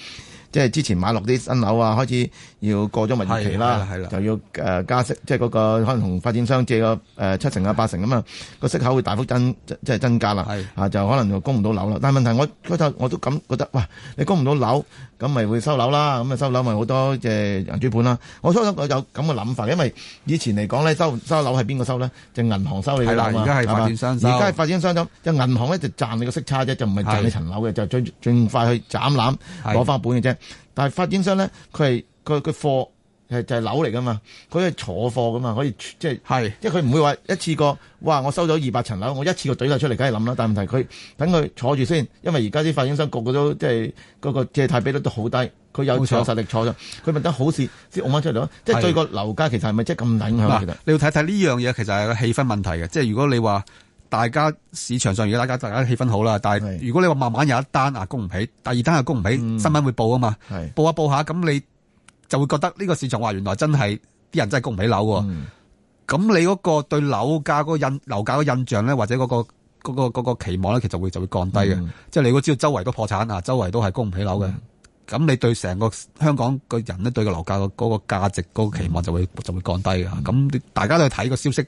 即係之前買落啲新樓啊，開始。要過咗蜜月期啦，就要加息，即係嗰個可能同發展商借個七成啊八成咁啊，個息口會大幅增，即係增加啦。啊，就可能就供唔到樓啦。但係問題我，我初頭我都咁覺得，哇！你供唔到樓，咁咪會收樓啦。咁啊，收樓咪好多隻銀主盤啦。我初我有咁嘅諗法，因為以前嚟講咧，收收樓係邊個收咧？就銀行收你嘅樓嘛。而家係發展商收。而家係發展商咗，就銀行咧就賺你個息差啫，就唔係賺你層樓嘅，就盡快去斬纜攞翻本嘅啫。但係發展商咧，佢係。佢佢貨係就係、是、樓嚟噶嘛，佢係坐貨噶嘛，可以即係係，即係佢唔會話一次過哇！我收咗二百層樓，我一次過堆晒出嚟，梗係諗啦。但係問題佢等佢坐住先，因為而家啲發展商個個都即係嗰個借貸比率都好低，佢有有實力坐咗，佢咪得好蝕先，澳門出嚟即係對個樓價其是是是、啊啊看看，其實係咪真係咁影響？其實你要睇睇呢樣嘢，其實係個氣氛問題嘅。即係如果你話大家市場上，如果大家大家氣氛好啦，但係如果你話慢慢有一單啊供唔起，第二單又供唔起，新聞會報嘛、嗯、啊嘛，報一報下咁你。就會覺得呢個市場話，原來真係啲人真係供唔起樓喎，咁、嗯、你嗰個對樓價嗰個印樓價印象咧，或者嗰、那個嗰、那個、那個期望咧，其實會就會降低嘅。即、嗯、係你會知道周圍都破產啊，周圍都係供唔起樓嘅，咁、嗯、你對成個香港人個人咧，對個樓價個嗰個價值、那個期望就會就會降低嘅。咁、嗯、大家都睇個消息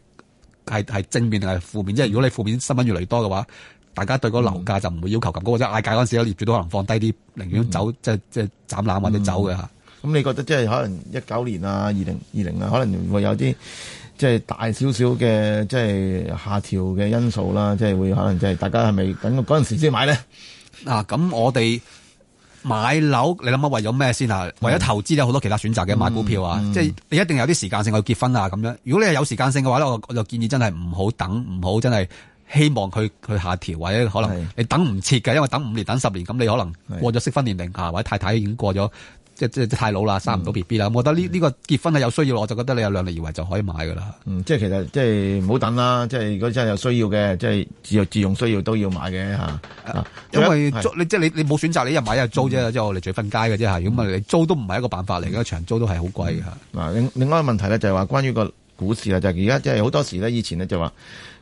係係正面定係負面，即係如果你負面新聞越嚟越多嘅話，大家對個樓價就唔會要求咁高，嗯、或者嗌價嗰陣時咧，業主都可能放低啲，寧願走、嗯、即係即係斬攬或者走嘅吓。咁你覺得即係可能一九年啊、二零二零啊，可能會有啲即係大少少嘅即係下調嘅因素啦，即係會可能即係大家係咪等嗰陣時先買咧？嗱、啊，咁我哋買樓，你諗下為咗咩先啊？為咗投資有好多其他選擇嘅，買股票啊、嗯嗯，即係你一定有啲時間性，去結婚啊咁樣。如果你係有時間性嘅話咧，我就建議真係唔好等，唔好真係希望佢去下調或者可能你等唔切嘅，因為等五年、等十年咁，你可能過咗適婚年齡啊，或者太太已經過咗。即係即係太老啦，生唔到 B B 啦。我覺得呢呢、呢個結婚係有需要，我就覺得你有量力而為就可以買噶啦。嗯，即係其實即係唔好等啦。即係如果真係有需要嘅，即係自用自用需要都要買嘅、啊啊、因為你即係你你冇選擇，你一買一租啫，即係我哋住瞓街嘅啫嚇。咁你，你租都唔係一個辦法嚟嘅，長租都係好貴㗎。嗱、嗯，另另外一個問題咧就係、是、話關於個股市啦，就而、是、家即係好多時咧，以前咧就話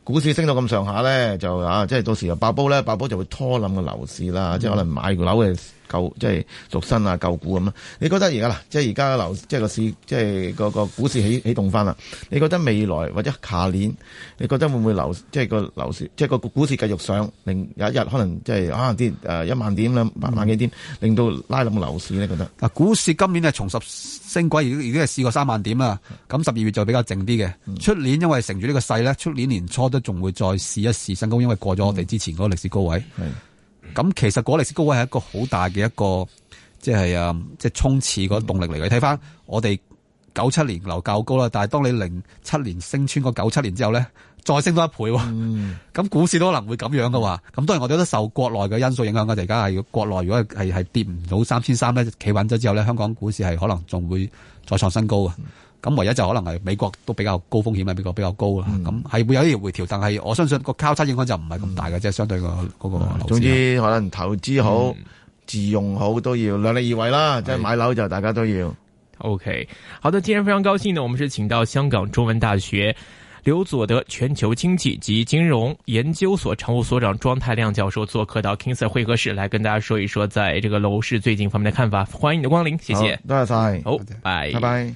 股市升到咁上下咧，就啊，即係到時又爆煲咧，爆煲就會拖冧個樓市啦，即係可能買個樓嘅。嗯舊即係贖新啊，舊股咁啦。你覺得而家啦，即係而家樓，即係個市，即係個股市起起動翻啦。你覺得未來或者下年，你覺得會唔會樓，即係個樓市，即係個股市繼續上，令有一日，日可能即係啊跌誒一萬點啦，萬幾點，令到拉冧樓市咧？你覺得？股市今年係重拾升軌，已已經係試過三萬點啦。咁十二月就比較靜啲嘅。出年因為乘住呢個勢咧，出年年初都仲會再試一試新高，因為過咗我哋之前嗰個歷史高位。係。咁其實嗰歷史高位係一個好大嘅一個，即係啊，即係衝刺嗰動力嚟嘅。睇返我哋九七年樓較高啦，但係當你零七年升穿過九七年之後咧，再升多一倍喎。咁、嗯、股市都可能會咁樣嘅話，咁當然我哋都受國內嘅因素影響㗎。而家係國內如果係跌唔到三千三咧，企穩咗之後咧，香港股市係可能仲會再創新高嘅。嗯咁唯一就可能係美國都比較高風險啊，美國比較高啦，咁、嗯、係會有啲回調，但係我相信個交叉影響就唔係咁大嘅，即、嗯、係相對個嗰個樓市。總之，可能投資好、嗯、自用好都要量力而為啦，即係買樓就大家都要。OK，好的，既然非常高興呢，我們是請到香港中文大學劉佐德全球經濟及金融研究所常務所長莊太量教授做客到 KingSir 會客室，來跟大家說一說在這個樓市最近方面的看法。歡迎你的光臨，謝謝，多謝晒，好，拜拜。